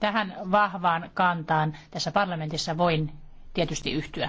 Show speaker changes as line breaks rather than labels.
Tähän vahvaan kantaan tässä parlamentissa voin tietysti yhtyä.